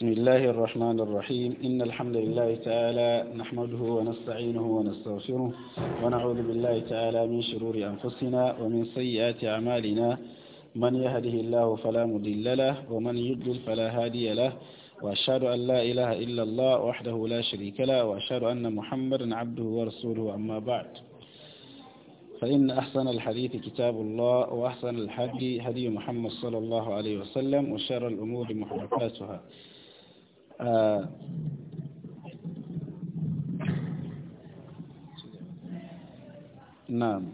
بسم الله الرحمن الرحيم إن الحمد لله تعالى نحمده ونستعينه ونستغفره ونعوذ بالله تعالى من شرور أنفسنا ومن سيئات أعمالنا من يهده الله فلا مضل له ومن يضلل فلا هادي له وأشهد أن لا إله إلا الله وحده لا شريك له وأشهد أن محمدا عبده ورسوله أما بعد فإن أحسن الحديث كتاب الله وأحسن الحدي هدي محمد صلى الله عليه وسلم وشر الأمور محدثاتها Eh. na'am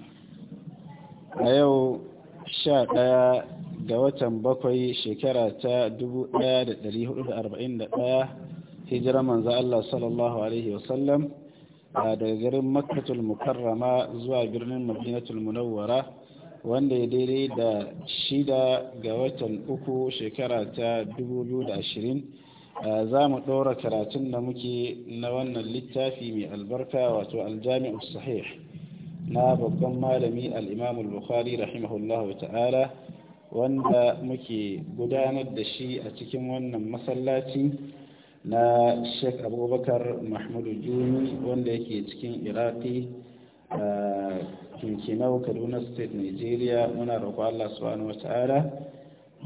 a yau sha ɗaya ga watan bakwai shekara ta dubu da da da arba'in ɗaya hijira manzo Allah sallallahu alaihi wasallam daga garin makkatul mukarrama zuwa birnin madinatul munawwara wanda ya daidai da shida ga watan uku shekara ta dubu da ashirin. Eh, za mu ɗora karatun da muke na wannan littafi mai albarka wato aljami'u sahih na babban malami al'imamul al-bukhari rahimahullahu ta'ala wanda muke gudanar da shi a cikin wannan masallaci na sheikh abubakar mahmudu juni wanda yake cikin iraki a eh, kinkinau kaduna state nigeria muna roƙo allah subhanahu wa ta'ala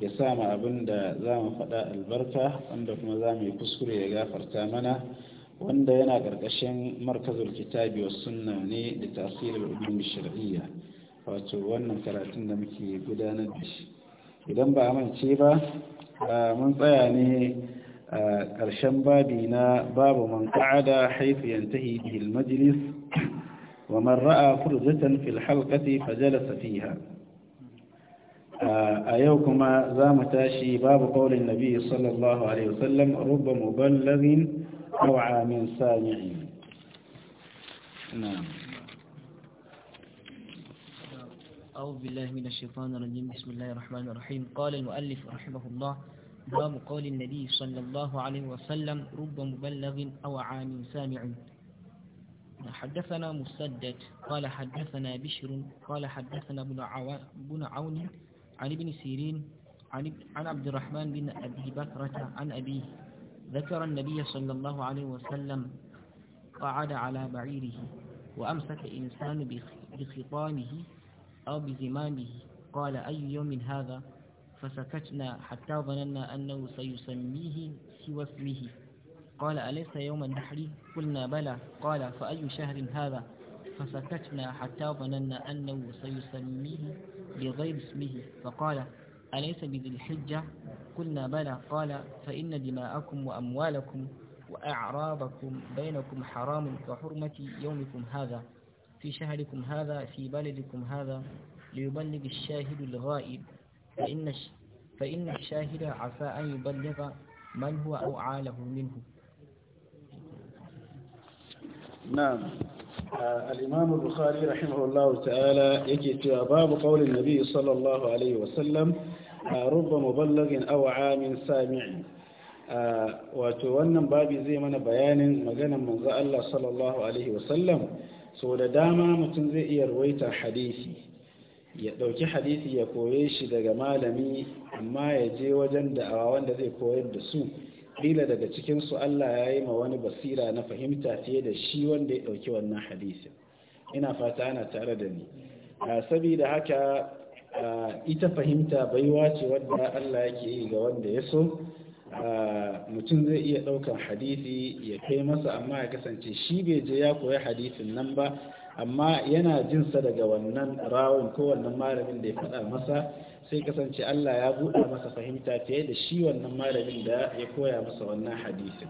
ya sa mu abin da za mu faɗa albarka wanda kuma za mu yi kuskure ya gafarta mana wanda yana ƙarƙashin markazul kitabi wa sunna ne da tasirin ulum shar'iyya wato wannan karatun da muke gudanar da shi idan ba amince ba mun tsaya ne a ƙarshen babi na babu man qa'ada haythu yantahi bihi al-majlis wa man ra'a furjatan fil halqati fajalasa fiha a yau kuma za mu tashi babu kaulin nabi sallallahu alaihi wasallam rubba muballagin aw min sami'i أعوذ بالله من الشيطان الرجيم بسم الله الرحمن الرحيم قال المؤلف رحمه الله باب قول النبي صلى الله عليه وسلم رب مبلغ أو عام سامع حدثنا مسدد قال حدثنا بشر قال حدثنا بن عون عن ابن سيرين عن, عن عبد الرحمن بن أبي بكرة عن أبيه ذكر النبي صلى الله عليه وسلم قعد على بعيره وأمسك إنسان بخطامه أو بزمامه قال أي يوم هذا فسكتنا حتى ظننا أنه سيسميه سوى اسمه قال أليس يوم النحر قلنا بلى قال فأي شهر هذا فسكتنا حتى ظننا أنه سيسميه بغير اسمه فقال أليس بذي الحجة قلنا بلى قال فإن دماءكم وأموالكم وأعراضكم بينكم حرام كحرمة يومكم هذا في شهركم هذا في بلدكم هذا ليبلغ الشاهد الغائب فإن, فإن الشاهد عسى أن يبلغ من هو أوعى له منه نعم الإمام البخاري رحمه الله تعالى يجد باب قول النبي صلى الله عليه وسلم رب مبلغ أو عام سامع wato wannan babu zai mana bayanin maganan manzo Allah sallallahu alaihi wasallam so da dama mutum zai iya ruwaita hadisi ya dauki hadisi ya koye shi daga malami amma ya je wajen da'awa wanda zai koyar da su kila daga cikinsu Allah ya yi ma wani basira na fahimta fiye da shi wanda ya ɗauki wannan hadisin ina fata ana tare da ni ah, saboda haka ah, ita fahimta baiwa ce wadda Allah yake yi ga wanda ya so ah, mutum zai iya ɗaukan hadisi ya kai masa amma ya kasance shi bai je ya koya hadisin nan ba amma yana jinsa daga wannan rawun ko wannan malamin da ya faɗa masa sai kasance Allah ya buɗe masa fahimta fiye da shi wannan malamin da ya koya masa wannan hadisin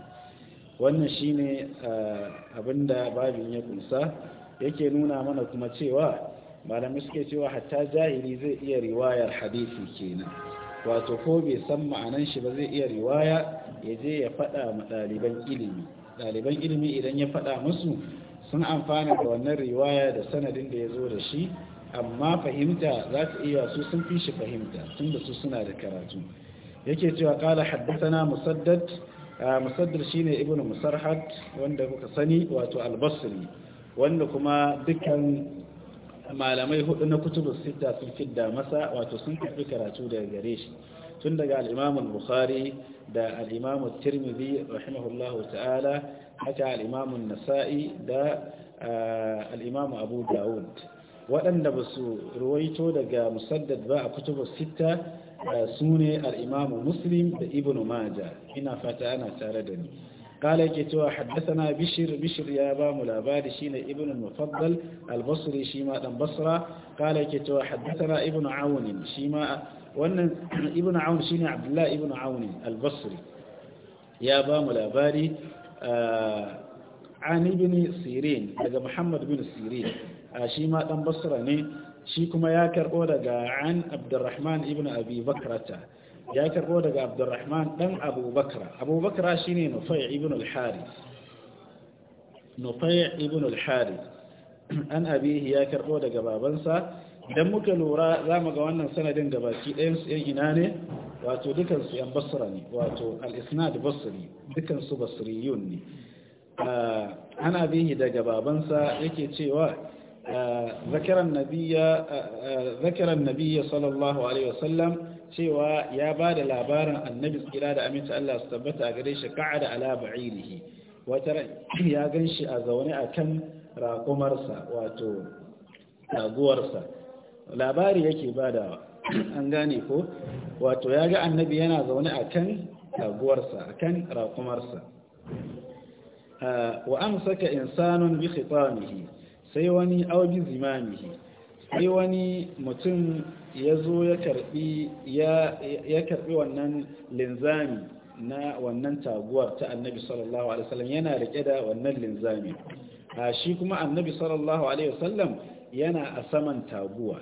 wannan shine ah, abinda babin ya kunsa yake nuna mana kuma cewa malamai suke cewa hatta jahili zai iya riwayar hadisi kenan wato ko bai san ma'anan shi ba zai iya riwaya ya je ya faɗa ma ɗaliban ilimi ɗaliban ilimi idan ya faɗa musu sun amfana da wannan riwaya da sanadin da ya zo da shi amma fahimta za ta iya su sun fi shi fahimta tun da su suna da karatu yake cewa kala haddatana musaddad shi shine ibnu musarhad wanda kuka sani wato albasri wanda kuma dukkan malamai hudu na kutubu sita sun fidda masa wato sun karbi karatu daga gare shi tun daga al bukhari da al-imam tirmidhi rahimahullahu ta'ala haka al nasai da al-imam abu dawud waɗanda ba su ruwaito daga musaddad ba a kutubu sita su ne al'imamu muslim da ibn maja ina fata ana tare da ni قال يكتوى حدثنا بشر بشر يا أبا ملاباد شين ابن المفضل البصري شيماء بصرة قال يكتوى حدثنا ابن عون شيماء وأن ابن عون شين عبد الله ابن عون البصري يا أبا ملاباد آه عن ابن سيرين لقى محمد بن سيرين a shi ma dan basra ne shi kuma ya karbo daga an abdurrahman ibn abi bakrata ya karbo daga abdurrahman dan abubakar shi ne nufai ibn al-haris nufai ibn al-haris an abihi ya karbo daga babansa idan muka lura za mu ga wannan sanadin da baki ɗayan su yan ina ne wato dukansu yan basra ne wato al-isnad basri dukansu basriyun ne an abihi daga babansa yake cewa ذكر النبي ذكر النبي صلى الله عليه وسلم cewa ya bada da labarin annabi tsira da aminci Allah su tabbata a gare shi ka'ada ala ba'ilihi wata ya gan a zaune a kan raƙumarsa wato raguwarsa labari yake bada an gane ko wato ya ga annabi yana zaune a kan raguwarsa a kan raƙumarsa wa amsaka insanun bi sai wani aubi zimamihi sai wani mutum ya zo ya karbi wannan linzami na wannan taguwar ta annabi sallallahu alaihi wasallam yana rike da wannan linzami a shi kuma annabi sallallahu alaihi wasallam yana a saman taguwa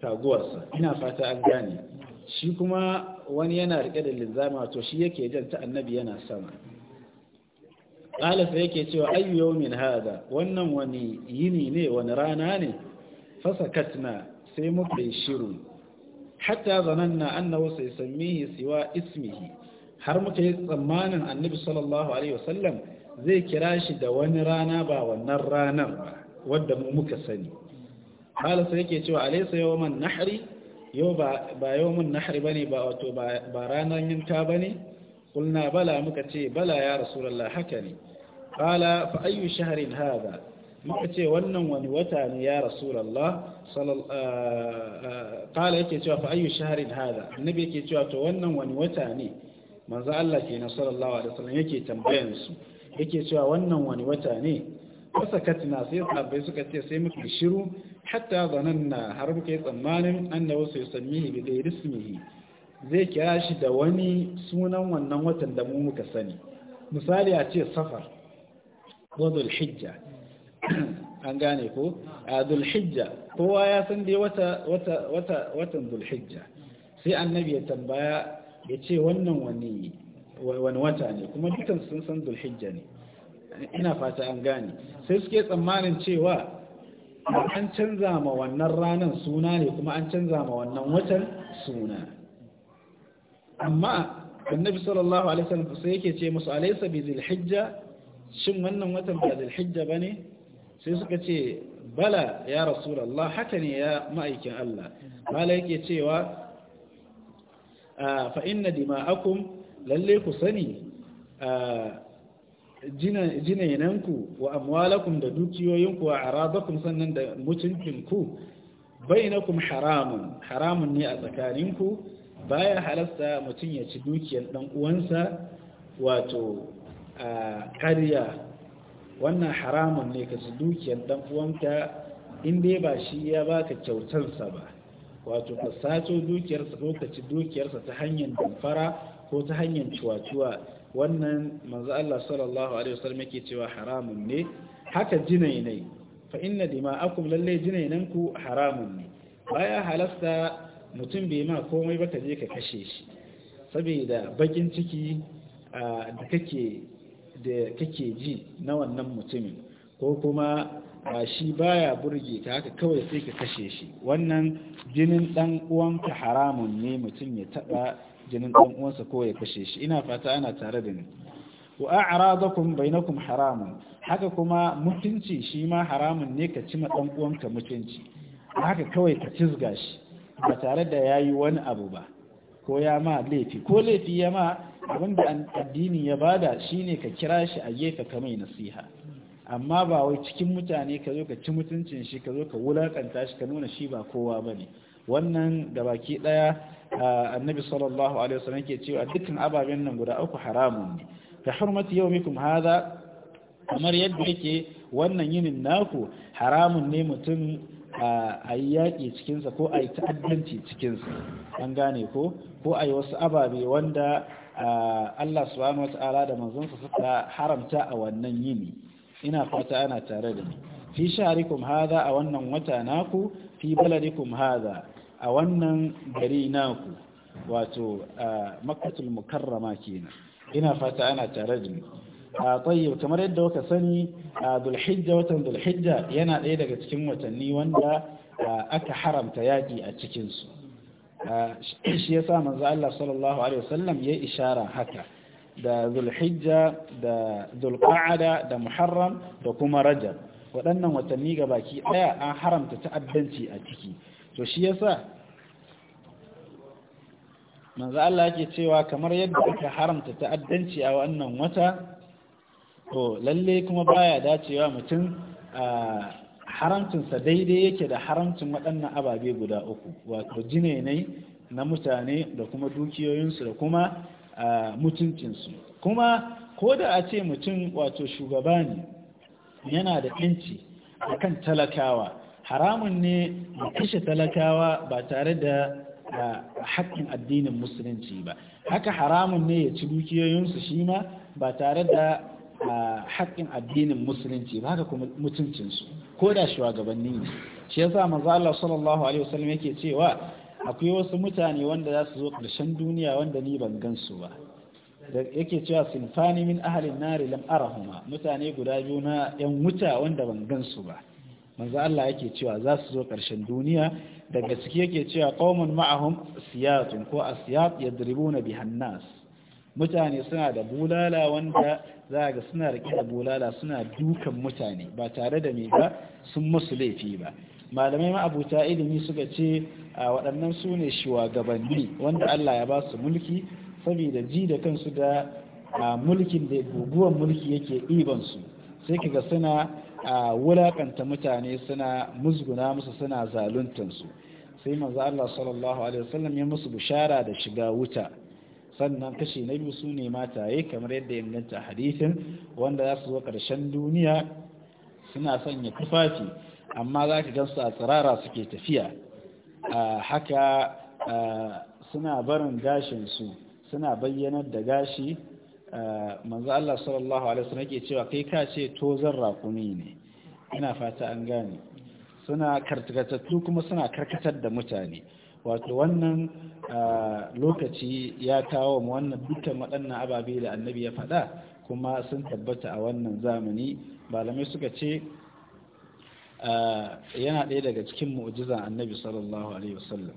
taguwarsa ina fata an gane shi kuma wani yana rike da linzami wato shi yake jan ta annabi yana sama qala yake cewa ayyu min haɗa, wannan wani yini ne wani rana ne fasakatna sai muka yi shiru hatta zananna annahu saysammihi siwa ismihi har muka yi tsammanin annabi sallallahu alaihi wasallam zai kira shi da wani rana ba wannan ranar ba wadda muka sani qala yake cewa alaysa yawman nahri yau ba yawmun nahri bane ba wato ba ranar yinta ba ne. kulna bala muka ce bala ya rasulallah haka ne qala fa ayyu shahrin hadha muka ya rasulallah qala yake cewa fa ayyu shahrin yake cewa to wannan wani wata ne manzo Allah kenan sallallahu alaihi tambayan su yake cewa wannan wani wata ne fasakatna sai suka ce sai muka shiru hatta har muka tsammanin annahu sai zai kira shi da wani sunan wannan watan da mu muka sani misali a ce safar ko zulhijja an gane ko a zulhijja kowa ya san dai watan zulhijja sai annabi ya tambaya ya ce wannan wani wata ne kuma dukkan sun san zulhijja ne ina fata an gane sai suke tsammanin cewa an canza ma wannan ranar suna ne kuma an canza ma wannan watan suna amma annabi sallallahu alaihi wasallam sai yake ce musu alaysa bi zilhijja shin wannan watan ba zilhijja bane sai suka ce bala ya rasulullah haka ne ya ma'aikin Allah bala yake cewa fa inna dima'akum lalle ku sani jinainanku wa amwalakum da dukiyoyinku wa aradakum sannan da mutuncinku bainakum haramun haramun ne a tsakaninku baya halasta mutum ya ci dukiyar ɗan uwansa wato a wannan haramun ne ka ci dukiyar ɗan uwanka in dai ba shi ya baka kyautarsa ba wato ka sato dukiyarsa ko ka ci dukiyarsa ta hanyar damfara ko ta hanyar cuwa-cuwa wannan manzo Allah sallallahu alaihi wasallam yake cewa haramun ne haka jinainai fa inna dima'akum lalle jinainanku haramun ne baya halasta mutum bai ma komai ba ka je ka kashe shi saboda bakin ciki da kake da kake ji na wannan mutumin ko kuma shi baya burge ka haka kawai sai ka kashe shi wannan jinin dan uwanka haramun ne mutum ya taba jinin dan uwansa ko ya kashe shi ina fata ana tare da ni wa a'radakum bainakum haramun haka kuma mutunci shi ma haramun ne ka cima ma dan uwanka mutunci haka kawai ka cizga shi ba tare da ya yi wani abu ba ko ya ma laifi ko laifi ya ma abin da addini ya bada shine ka kira shi a gefe ka mai nasiha amma ba wai cikin mutane ka zo ka ci mutuncin shi ka zo ka wulakanta shi ka nuna shi ba kowa ba ne wannan da baki daya annabi sallallahu alaihi wasallam ke cewa dukkan ababen nan guda uku haramun ne ka hurmati yawmikum hada kamar yadda yake wannan yinin naku haramun ne mutum a yi yaƙi cikinsa ko a yi ta'addanci cikinsa an gane ko ko a yi wasu ababe wanda Allah subhanahu wa ta'ala da manzansa suka haramta a wannan yini ina fata ana tare da ni fi sharikum hadha a wannan wata naku fi baladikum hadha a wannan gari naku wato makkatul mukarrama kenan ina fata ana tare da ni tsayi kamar yadda waka sani a dulhijja watan dulhijja yana ɗaya daga cikin watanni wanda aka haramta yaƙi a cikinsu. Shi ya sa manzo Allah sallallahu alaihi wasallam ya ishara haka da dulhijja da dhulqa'ada da muharram da kuma rajab waɗannan watanni ga baki ɗaya an haramta ta'addanci a ciki to shi ya sa manzo Allah yake cewa kamar yadda aka haramta ta'addanci a wannan wata to lalle kuma baya dacewa mutum a haramcinsa daidai yake da haramcin waɗannan ababe guda uku wato jinenai na mutane da kuma dukiyoyinsu da kuma mutuncinsu kuma ko da a ce mutum wato shugaba ne yana da ɗinci a kan talakawa haramun ne a kashe talakawa ba tare da haƙƙin addinin musulunci ba haka haramun ne ya ci dukiyoyinsu shi ma ba tare da A haƙƙin addinin musulunci ba kuma mutuncinsu ko da shugabanni ne shi yasa manzo Allah sallallahu alaihi wasallam yake cewa akwai wasu mutane wanda za su zo ƙarshen duniya wanda ni ban su ba da yake cewa sinfani min ahalin nari lam arahuma mutane guda biyu na yan wuta wanda ban gan su ba manzo Allah yake cewa za su zo ƙarshen duniya daga ciki yake cewa qaumun ma'ahum siyatun ko asiyat yadribuna bihan nas mutane suna da bulala wanda za ga suna rike da bulala suna dukan mutane ba tare da mai ba sun musu laifi ba malamai ma'abuta ilimi suka ce a waɗannan su ne shugabanni wanda Allah ya ba su mulki saboda ji da kansu da mulkin da guguwan mulki yake su sai kaga suna wulakanta mutane suna musguna musu suna zaluntansu sai manzo Allah sallallahu alaihi wasallam ya musu bishara da shiga wuta sannan kashi na biyu su ne mataye kamar yadda inganta hadithin wanda za su zo ƙarshen duniya suna sanya tufafi amma za ka gansu a tsirara suke tafiya haka suna barin gashinsu suna bayyanar da gashi manzo Allah sallallahu alaihi wasallam yake cewa kai ka ce tozan rakumi ne ina fata an gane suna karkatattu kuma suna karkatar da mutane wato wannan lokaci ya kawo mu wannan dukkan waɗannan ababe da annabi ya faɗa kuma sun tabbata a wannan zamani Balamai suka ce yana ɗaya daga cikin mu'jizan annabi sallallahu alaihi wasallam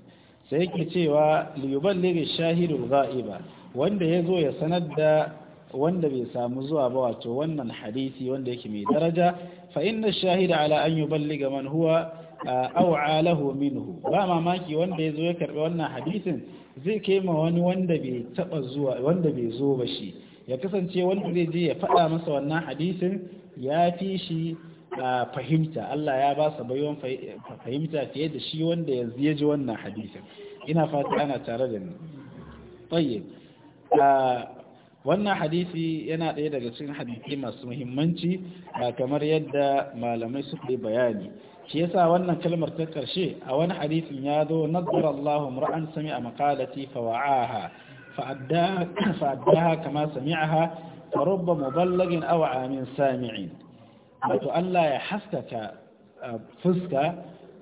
sai yake cewa liyuballighi shahidul ghaiba wanda zo ya sanar da wanda bai samu zuwa ba wato wannan hadisi wanda yake mai daraja fa inna shahida ala an yuballiga man huwa awa lahu minhu ba mamaki wanda ya zo ya karbi wannan hadisin zai kema wani wanda bai taba zuwa wanda bai zo ba shi ya kasance wanda zai je ya faɗa masa wannan hadisin ya fi shi fahimta Allah ya ba sa baiwan fahimta fiye da shi wanda yanzu ya ji wannan hadisin ina fata ana tare da ni tayyib wannan hadisi yana ɗaya daga cikin hadisi masu muhimmanci kamar yadda malamai suka bayani shi yasa wannan kalmar ta karshe a wani hadisin ya zo nadar Allahu sami a maqalati fa wa'aha fa addaha kama sami'aha fa rubba muballagin aw amin sami'in wato Allah ya haskaka fuska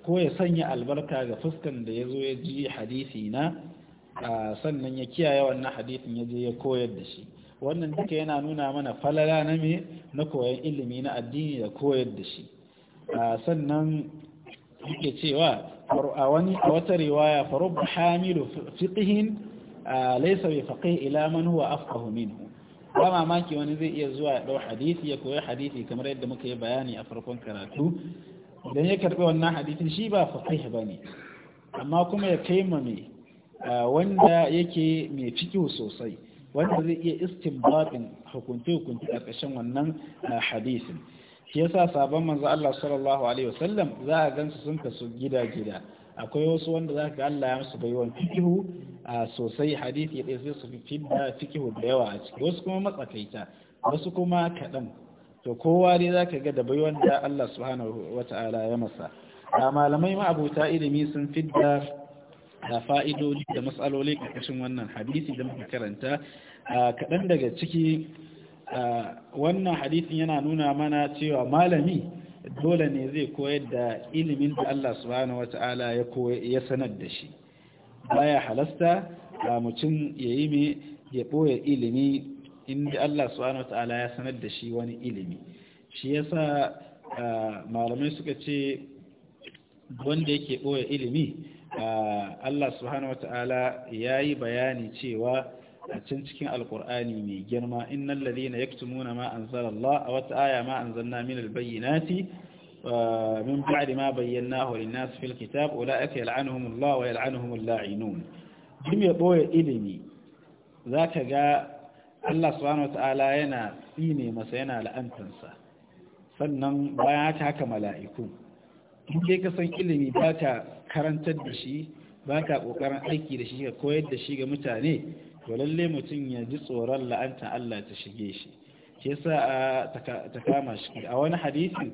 ko ya sanya albarka ga fuskan da ya zo ya ji hadisi na sannan ya kiyaye wannan hadisin ya je ya koyar da shi wannan duka yana nuna mana falala na me na koyon ilimi na addini da koyar da shi sannan yake cewa a wani a wata riwaya faru hamilu fiqihin laysa bi faqih ila man huwa afqahu minhu ba mamaki wani zai iya zuwa ya dau hadisi ya koyi hadisi kamar yadda muka yi bayani a farkon karatu idan ya karbi wannan hadisin shi ba faqih bane amma kuma ya kai mai wanda yake mai fiqh sosai wanda zai iya istinbatin hukunci a ƙarshen wannan hadisin shi yasa sabon manzo Allah sallallahu alaihi wasallam za a gansu sun kasu gida-gida akwai wasu wanda za ga Allah ya musu baiwan fikihu a sosai hadisi ɗaya sai su fidda fikihu da yawa a ciki wasu kuma matsakaita wasu kuma kaɗan to kowa dai za ka ga da baiwan da Allah subhanahu wata'ala ya masa a malamai ma'abuta ilimi sun fidda da fa'idodi da matsaloli ƙarƙashin wannan hadisi da muka karanta kaɗan daga ciki wannan hadisin yana nuna mana cewa malami dole ne zai koyar da ilimin da Allah subhanahu wata'ala ya ya sanar da shi baya halasta ga mutum ya yi mai ya ɓoye ilimi inda Allah subhanahu wata'ala ya sanar da shi wani ilimi shi yasa malamai suka ce wanda yake ɓoye ilimi Allah subhanahu wata'ala ya yi bayani cewa a can cikin alkur'ani mai girma innal ladina yaktumuna ma anzalallah a wata aya ma na min albayyinati min ba'di ma bayyanahu lin-nas fil kitab ulaika yal'anuhumullah wa yal'anuhumul la'inun jim ya boye ilimi zaka ga Allah subhanahu ta'ala yana tsine masa yana la'antansa sannan bayan ta haka mala'iku in ka san ilimi ba ka karantar da shi ba ka kokarin aiki da shi ka koyar da shi ga mutane to lalle mutum ya ji tsoron la'anta Allah ta shige shi ke sa ta kama shi a wani hadisi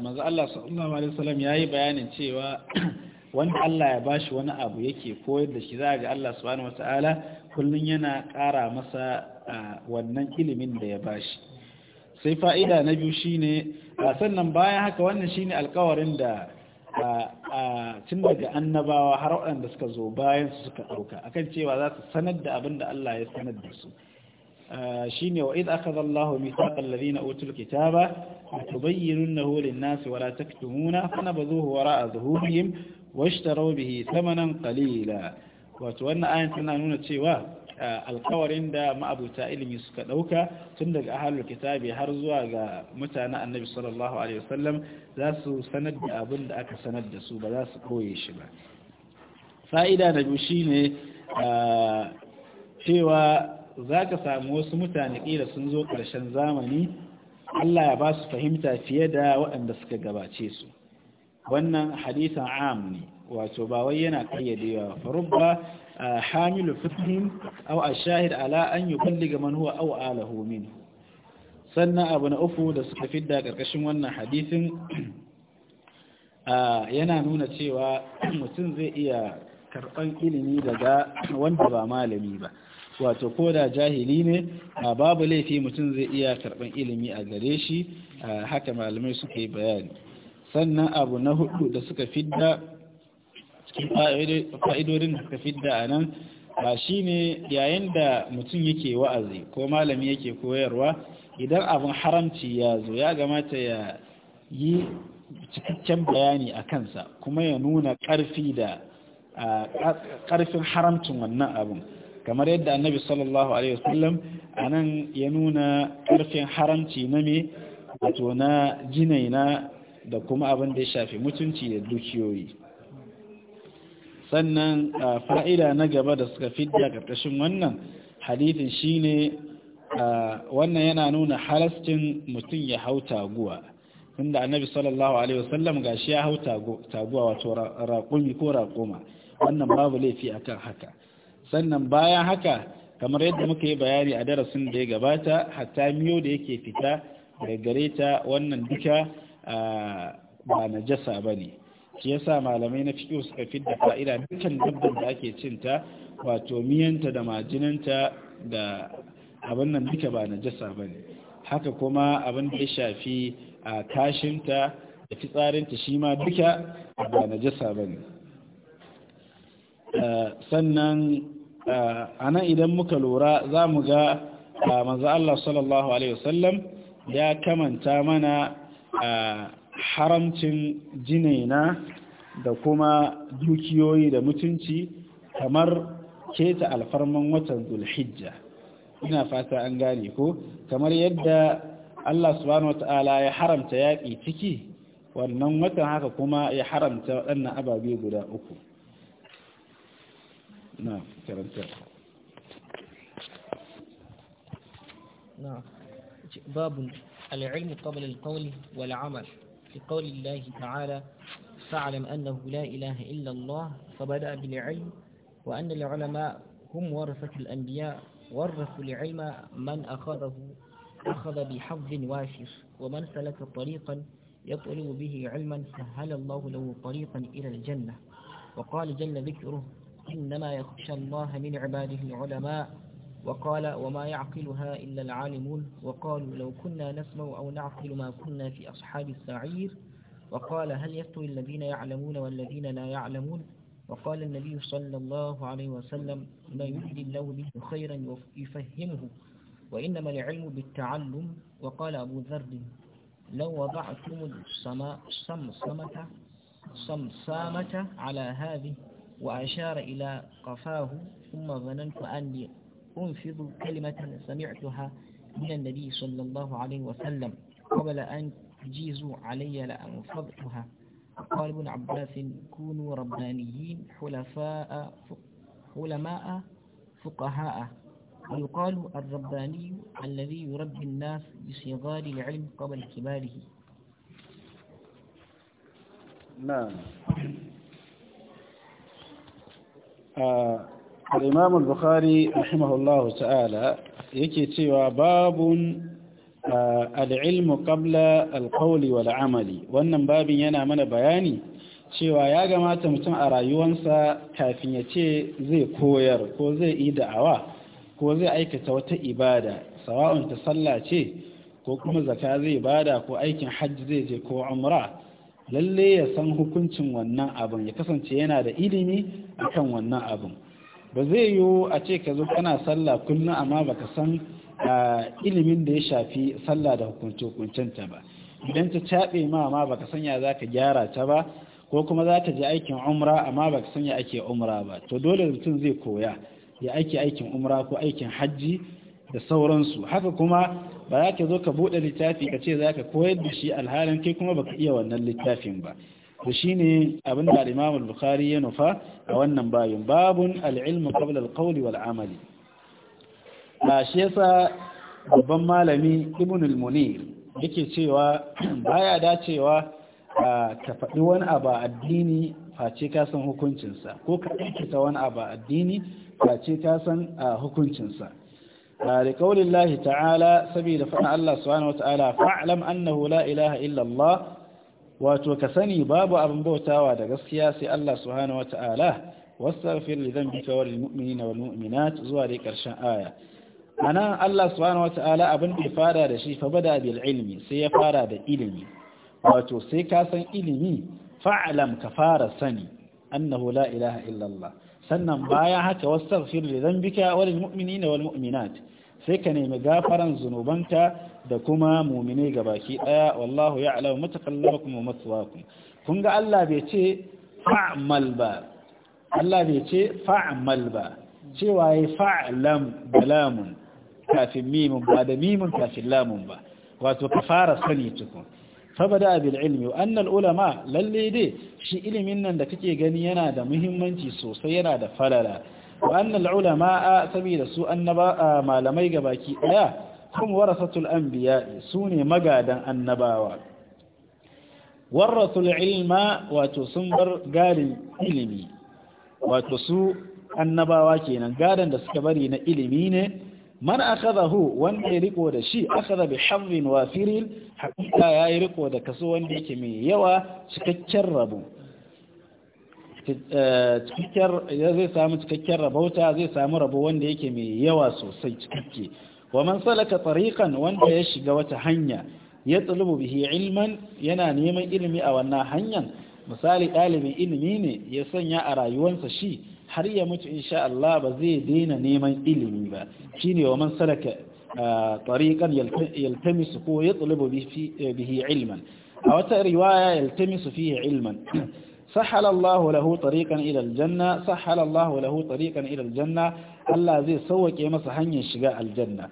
manzo Allah sallallahu alaihi wasallam yayi bayanin cewa wanda Allah ya bashi wani abu yake koyar da shi za ga Allah subhanahu wataala kullun yana kara masa wannan ilimin da ya bashi sai fa'ida na biyu shine sannan bayan haka wannan shine alƙawarin da tun daga annabawa har waɗanda suka zo bayan su suka ɗauka akan cewa za su sanar da abin da Allah ya sanar da su shine wa aka akhadha Allahu mithaqal na utul kitaba tubayyinunnahu lin a zuhu la taktumuna fanabadhuhu wara'a dhuhurihim washtaraw bihi thamanan ƙalila? wato wannan ayan tana nuna cewa Eh, alkawarin da ma'abuta ilimi suka ɗauka tun daga ahalul kitabi har zuwa ga mutanen annabi sallallahu alaihi wasallam za su sanar da abin da aka sanar da su ba za su koye shi ba fa'ida na biyu shine eh, cewa za ka samu wasu mutane ƙila sun zo ƙarshen zamani Allah ya ba su fahimta fiye da waɗanda suka gabace su wannan hadisan am ne wato ba wai yana ƙayyadewa farubba hamilu fiqhin aw ashahid ala an yuballiga man huwa aw alahu min sannan abu na uku da suka fidda karkashin wannan hadisin yana nuna cewa mutum zai iya karban ilimi daga wanda ba malami ba wato ko da jahili ne babu laifi mutum zai iya karban ilimi a gare shi haka malamai suke bayani sannan abu na hudu da suka fidda fa'idodin da suka fidda a nan ba shi ne yayin da mutum yake wa'azi ko malami yake koyarwa idan abin haramci ya zo ya gamata ya yi cikakken bayani a kansa kuma ya nuna ƙarfi da ƙarfin haramcin wannan abin kamar yadda annabi sallallahu alaihi wasallam a nan ya nuna ƙarfin haramci na me wato na jinaina da kuma abin da ya shafi mutunci da dukiyoyi sannan fa'ida na gaba da suka fi fidda ƙarƙashin wannan hadithin ne wannan yana nuna halascin mutum ya hau taguwa inda annabi sallallahu alaihi wasallam gashi ya hau taguwa wato raƙumi ko raƙuma wannan babu laifi a kan haka sannan bayan haka kamar yadda muka yi bayani a darasin da ya gabata hatta miyo da yake fita daga gare ta wannan duka ba na jasa ba ne. shi yasa malamai na fiƙo suka fidda fa'ida dukkan dabbar da ake cinta wato miyanta da majinanta da abin nan duka ba na jasa ba ne haka kuma abin da ya shafi a kashinta da fitsarinta shi ma duka ba na jasa ba ne sannan a nan idan muka lura za mu ga manzo Allah sallallahu Alaihi wasallam ya kamanta mana haramcin jinaina da kuma dukiyoyi da mutunci kamar keta alfarman watan zulhijja ina fata an gane ko kamar yadda Allah subhanahu wata'ala ya haramta yaƙi ciki wannan watan haka kuma ya haramta waɗannan ababe guda uku na karanta na babun qabla al-qawli wal 'amal لقول الله تعالى فاعلم أنه لا إله إلا الله فبدأ بالعلم وأن العلماء هم ورثة الأنبياء ورثوا العلم من أخذه أخذ بحظ وافر ومن سلك طريقا يطلب به علما سهل الله له طريقا إلى الجنة وقال جل ذكره إنما يخشى الله من عباده العلماء وقال وما يعقلها إلا العالمون وقالوا لو كنا نسمع أو نعقل ما كنا في أصحاب السعير وقال هل يستوي الذين يعلمون والذين لا يعلمون وقال النبي صلى الله عليه وسلم ما يهدي الله به خيرا يفهمه وإنما العلم بالتعلم وقال أبو ذر لو وضعتم الصمصمة صمصامة على هذه وأشار إلى قفاه ثم ظننت أني أنفض كلمة سمعتها من النبي صلى الله عليه وسلم قبل أن تجيزوا علي لأنفضتها قال ابن عباس كونوا ربانيين حلفاء علماء فقهاء ويقال الرباني الذي يربي الناس بصغار العلم قبل كباره نعم آه al-imam al-bukhari rahimahullahu ta'ala yake cewa babun al'ilmu ilmu qabla al-qawli wal amali wannan babin yana mana bayani cewa ya gamata mutum a rayuwansa kafin ya ce zai koyar ko zai yi da'awa ko zai aikata wata ibada sawa'un ta sallah ce ko kuma zaka zai bada ko aikin hajji zai je ko umra lalle ya san hukuncin wannan abin ya kasance yana da ilimi akan wannan abin ba zai yiwu a ce ka zo kana sallah kullum amma baka san ilimin da ya shafi sallah da hukunce ta ba idan ta caɓe ma amma baka sanya za ka gyara ta ba ko kuma za ta je aikin umra amma baka sanya ake umra ba to dole mutum zai koya ya aiki aikin umra ko aikin hajji da sauransu haka kuma ba za ka zo ka buɗe littafi ka ce za ka koyar da shi alhalin kai kuma baka iya wannan littafin ba to shine abin da Imam al-Bukhari ya nufa a wannan bayin babun al-ilmu qabla al wal amali ba shi yasa babban malami Ibn al-Munir yake cewa baya dacewa ka faɗi wani abu addini face ka san hukuncinsa ko ka aikata wani abu addini face ka san hukuncinsa لقول الله تعالى سبيل فأنا الله سبحانه وتعالى falam annahu لا ilaha illa allah. wato ka sani babu abin bautawa da gaskiya sai Allah subhanahu wata'ala wastaghfir li dhanbika wal mu'minina wal mu'minat zuwa dai karshen aya anan Allah subhanahu wata'ala abin da fara da shi fa bada bil ilmi sai ya fara da ilimi wato sai ka san ilimi fa'lam ka fara sani annahu la ilaha illa Allah sannan baya haka wastaghfir li dhanbika wal mu'minina wal mu'minat sai ka nemi gafaran zunubanka da kuma muminai gabaki daya wallahu ya'lamu mutakallabakum wa maswaakum kun ga Allah bai ce fa'mal ba Allah bai ce fa'mal ba cewa yi fa'lam balamun kafin mimun ba da mimun kafin lamun ba wato ka fara sani tukun fabada bil ilmi wa annal ulama lalle dai shi ilimin nan da kake gani yana da muhimmanci sosai yana da falala wa annal ulama sabida su annaba malamai gabaki daya hum warasatul anbiya sune magadan annabawa warasul ilma wato sun bar garin ilimi wato su annabawa kenan gadan da suka bari na ilimi ne man akhadahu wanda ya riko da shi akhadha bi hamrin wafirin hakika yayi riko da kaso wanda yake mai yawa cikakken rabo cikakkiyar zai samu cikakkiyar rabauta zai samu rabo wanda yake mai yawa sosai cikakke wa man salaka tariqan wanda ya shiga wata hanya ya tulubu bihi ilman yana neman ilimi a wannan hanyar misali ɗalibin ilimi ne ya sanya a rayuwansa shi har ya mutu insha Allah ba zai daina neman ilimi ba shine wa man salaka tariqan ko ya tulubu bihi ilman a wata riwaya yaltamisu fihi ilman sahhala Allahu lahu tariqan ila aljanna sahhala Allahu lahu tariqan ila aljanna Allah zai sauke masa hanyar shiga aljanna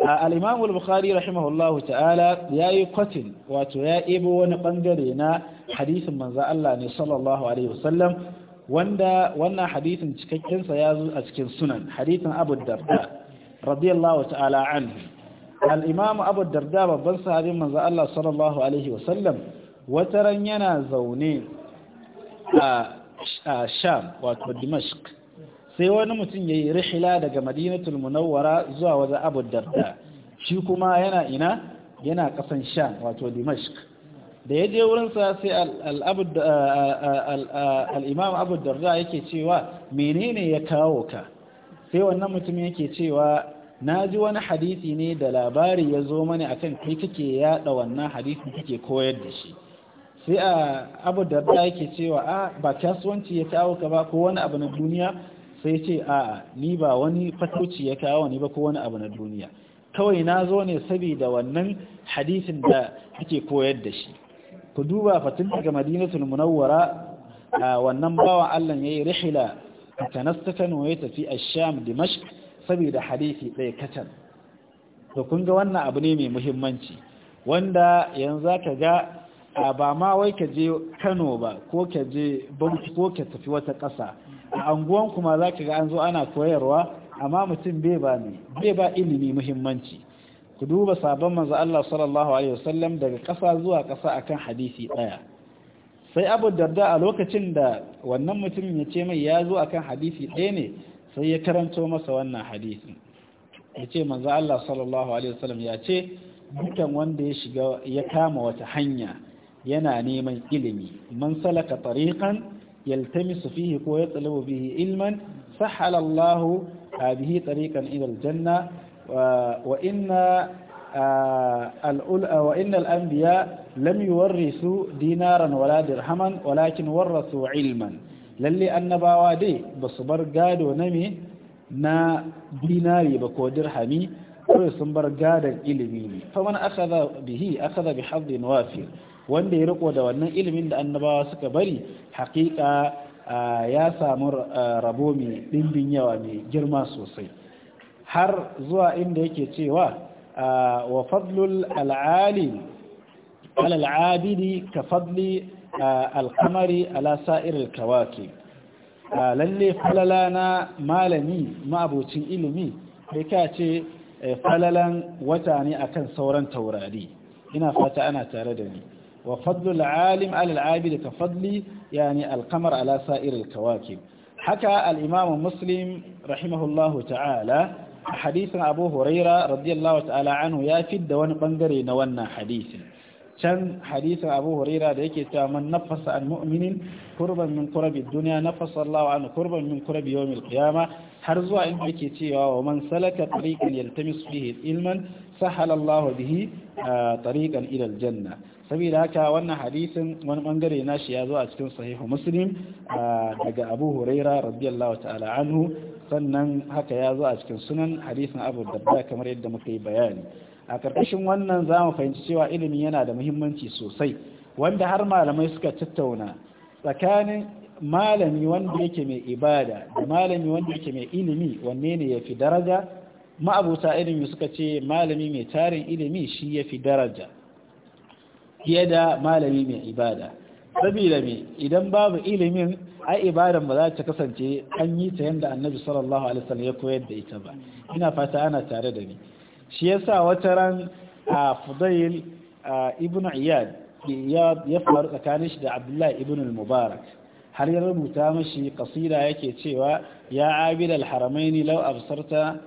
al-Imam al-Bukhari rahimahullahu ta'ala yayi qatin wato ya ibo wani bangare na hadisin manzo Allah ne sallallahu alaihi wasallam wanda wannan hadisin cikakken sa yazo a cikin sunan hadisin Abu Darda radiyallahu ta'ala anhu al-Imam Abu Darda babban sahabin manzo Allah sallallahu alaihi wasallam wataran yana zaune a sham wato dimashq sai wani mutum ya yi rihila daga madinatul munawwara zuwa wajen abu darda shi kuma yana ina yana kasan sham wato dimashq da ya je wurinsa sai al'imam abu darda yake cewa menene ya kawo ka sai wannan mutum yake cewa na ji wani hadisi ne da labari ya zo mani akan kai kake yada wannan hadisi kake koyar da shi sai a abu da yake cewa a ba kasuwanci ya kawo ka ba ko wani abu na duniya sai ce a ni ba wani fatoci ya kawo ni ba ko wani abu na duniya kawai na zo ne saboda wannan hadisin da ake koyar da shi ku duba fatin daga madinatul munawwara wannan bawan Allah ya yayi rihla kano wa tafi a sham Dimash saboda hadisi ɗaya kacal to kun ga wannan abu ne mai muhimmanci wanda yanzu za ka ga a ba ma wai ka je kano ba ko ka je bauchi ko ka tafi wata ƙasa a anguwan kuma za ka ga an zo ana koyarwa amma mutum bai ba ne bai ba ilimi muhimmanci ku duba sabon manzo Allah sallallahu alaihi wasallam daga ƙasa zuwa ƙasa akan hadisi ɗaya sai Abu Darda a lokacin da wannan mutumin ya ce mai ya zo akan hadisi ɗaya ne sai ya karanto masa wannan hadisi ya ce manzo Allah sallallahu alaihi wasallam ya ce dukan wanda ya shiga ya kama wata hanya yana neman ilimi man salaka tariqan yaltamisu fihi ko yatlabu bihi ilman sahala Allah hadhihi tariqan ila aljanna wa inna وإن الأنبياء لم يورثوا دينارا ولا درهما ولكن ورثوا علما للي النباوة دي بصبر قادوا نمي نا ديناري بكو درهمي ويصبر قادا إلميني فمن أخذ به أخذ بحظ وافر wanda ya riko da wannan ilimin da annabawa suka bari haƙiƙa ya samu rabo mai ɗimbin yawa mai girma sosai har zuwa inda yake cewa wa fadlul al'alim al'abidi ka fadli alkamari ala sa'irar kawaki lalle falala na malami ma'abocin ilimi da ka ce eh, falalan wata ne akan sauran taurari ina fata ana tare da ni وفضل العالم على العابد كفضل يعني القمر على سائر الكواكب حكى الإمام مسلم رحمه الله تعالى حديث أبو هريرة رضي الله تعالى عنه يا فد ونقنقري نونا حديث كان حديث أبو هريرة ديكي من نفس عن مؤمن kurban min kurabi duniya na fasallahu an kurban min kurabi yawmil har zuwa in ake cewa wa man salaka tariqan yaltamisu bihi ilman sahala bihi ah, tariqan ilal janna saboda haka wannan hadisin wani bangare na shi ya zo a cikin sahihu muslim ah, daga Abu Huraira radiyallahu ta'ala anhu sannan haka ya zo a cikin sunan hadisin Abu Darda kamar yadda muka yi bayani a karkashin wannan za mu fahimci cewa ilimi yana da muhimmanci sosai wanda har malamai suka tattauna tsakanin malami wanda yake mai ibada da malami wanda yake mai ilimi wanne ne ya fi daraja ma'abuta ilimi suka ce malami mai tarin ilimi shi ya fi daraja fiye da malami mai ibada sabida me idan babu ilimin a ibadan ba za ta kasance an yi ta yanda annabi sallallahu alaihi wasallam ya koyar da ita ba ina fata ana tare da ni shi yasa wata ran a fudail ibn iyad ya faru tsakanin shi da abdullahi ibn al-mubarak har ya rubuta mashi kasida yake cewa ya abid al-haramaini law absarta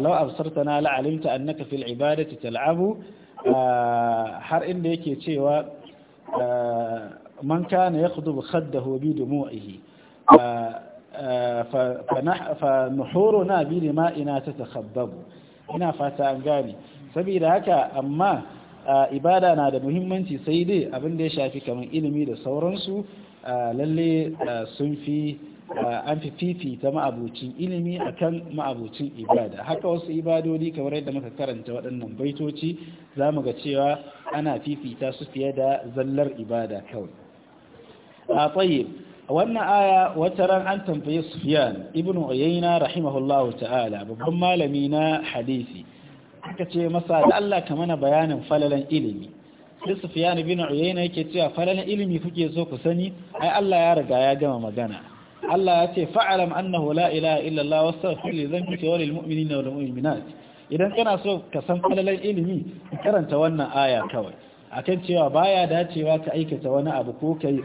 law absartana annaka fil ibadati tal'abu ah, har inda yake cewa ah, man kana yakhdhu khaddahu bi dumu'ihi ah, fa nuhuruna ta lima'ina tatakhabbabu ina fata an gane saboda haka amma ibada na da muhimmanci sai dai abin da ya shafi kamar ilimi da sauransu lalle sun fi an fi fifita ma'abucin ilimi a kan ma'abucin ibada haka wasu ibadodi kamar yadda muka karanta waɗannan baitoci za mu ga cewa ana fifita su fiye da zallar ibada kawai a tsaye wannan aya wata ran an tambaye sufiyan ibn uyayna rahimahullahu ta'ala babban malami na hadisi aka ce masa da Allah ka mana bayanin falalan ilimi sai Sufyan bin Uyayna yake cewa falalan ilimi kuke so ku sani ai Allah ya riga ya gama magana Allah ya ce fa'alam annahu la ilaha illa Allah astaghfir li dhanbika wa lil mu'minina wal mu'minat idan kana so ka san falalan ilimi karanta wannan aya kawai akan cewa baya dacewa ka aikata wani abu ko kai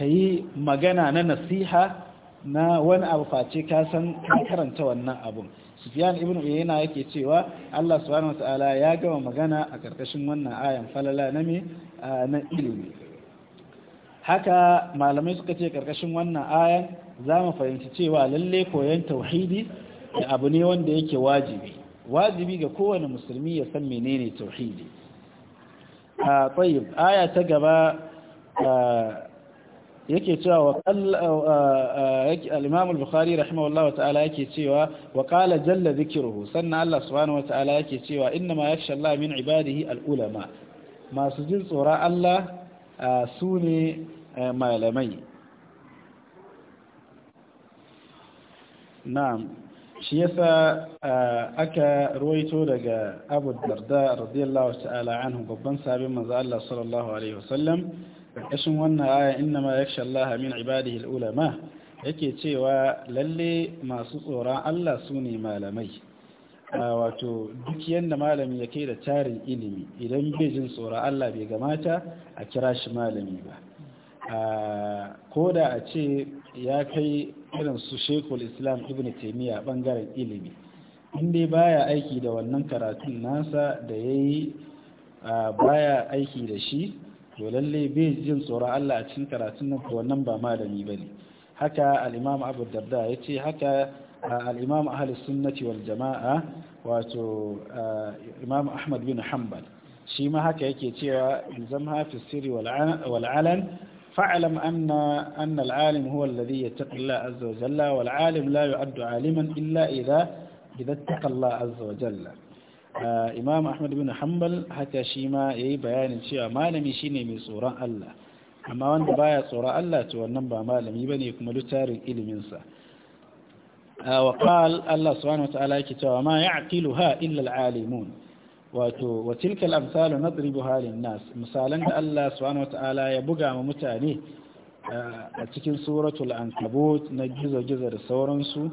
kai magana na nasiha na wani abu face ka san karanta wannan abun sufiyan ibn Uyayna yake cewa Allah subhanahu wata'ala ya gama magana a karkashin wannan ayan falala na me na ilimi haka malamai suka ce karkashin wannan ayan za mu fahimci cewa lalle koyon tauhidi da abu ne wanda yake wajibi wajibi ga kowane musulmi ya san menene tauhidi a aya ta gaba yake cewa uh, uh, al-imam al-bukhari rahimahullahu ta'ala yake cewa wa qala jalla dhikruhu sannan Allah subhanahu wa ta'ala yake cewa inna ma yakhsha Allah min ibadihi al-ulama masu jin tsoron Allah uh, su ne malamai na'am shi yasa aka ruwaito daga Abu Darda radiyallahu ta'ala anhu babban sabin manzo Allah sallallahu alaihi wasallam ƙarƙashin wannan aya inna ma kashe Allah min ibadihi ulama yake cewa lalle masu tsoron Allah su ne malamai wato duk yadda malami ya kai da tarin ilimi idan bai jin tsoron Allah bai gamata a kira shi malami ba ko da a ce ya kai irin su shekul islam ibn taimiyya bangaren ilimi inda baya aiki da wannan karatun nasa da ya yi baya aiki da shi to lalle bai jin tsoron Allah a cikin karatun nan ko wannan ba malami bane haka al-Imam Abu Darda yace haka al-Imam Ahlus Sunnati wal Jama'a wato Imam Ahmad bin Hanbal shi ma haka yake cewa zan hafiz sirri wal alan فاعلم أن أن العالم هو الذي يتقي الله عز وجل والعالم لا يعد عالما إلا إذا إذا imam ahmad bin hanbal haka shi ma ya yi bayanin cewa malami shine mai tsoron allah amma wanda baya tsoron allah to wannan ba malami ba ne kuma littarin iliminsa wa qal allah subhanahu wataala yake cewa ma ya'qiluha illa al-alimun wato wa tilka al amsal nadribuha lin-nas misalan da allah subhanahu wataala ya buga ma mutane a cikin suratul ankabut na gizo-gizo da sauransu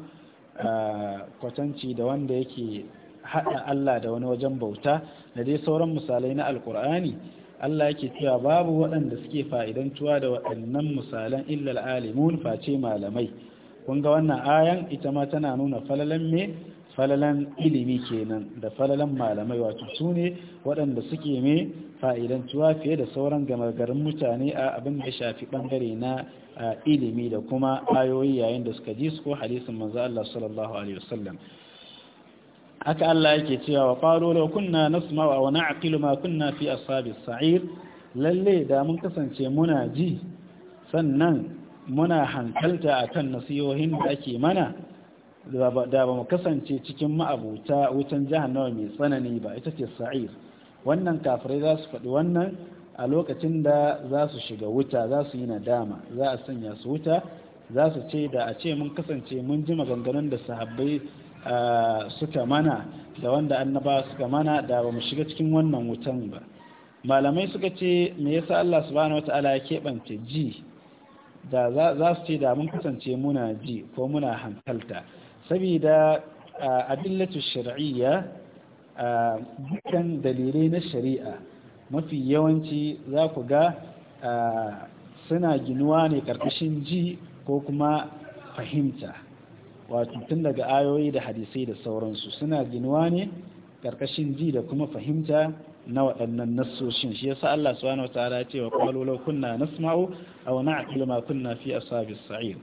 kwatanci da wanda yake haɗa Allah da wani wajen bauta da dai sauran misalai na alkur'ani Allah yake cewa babu waɗanda suke fa'idantuwa da waɗannan misalan illal alimun face malamai kun ga wannan ayan ita ma tana nuna falalan me falalan ilimi kenan da falalan malamai wato su ne waɗanda suke me fa'idantuwa fiye da sauran garin mutane a abin da shafi ɓangare na ilimi da kuma ayoyi yayin da suka ji su ko hadisin manzo Allah sallallahu alaihi wasallam haka Allah yake cewa wa qalu law kunna nasma'u wa na'qilu ma kunna fi ashabis sa'ir lalle da mun kasance muna ji sannan muna hankalta akan nasihohin da ake mana da ba mu kasance cikin ma'abuta wutan jahannama mai tsanani ba ita ce sa'ir wannan kafirai za su faɗi wannan a lokacin da za su shiga wuta za su yi nadama za a sanya su wuta za su ce da a ce mun kasance mun ji maganganun da sahabbai suka mana da wanda annaba suka mana da ba mu shiga cikin wannan wutan ba malamai suka ce me yasa Allah subhanahu wata'ala ya keɓance ji da za su ce da mun kasance muna ji ko muna hankalta saboda adillatu shar'iyya dukkan dalilai na shari'a mafi yawanci za ku ga suna ginuwa ne karkashin ji ko kuma fahimta wato tun daga ayoyi da hadisai da sauransu suna ginuwa ne karkashin ji da kuma fahimta na waɗannan nassoshin shi yasa Allah subhanahu wataala ya ce wa qalu law kunna nasma'u aw na'qilu ma kunna fi ashabis sa'ir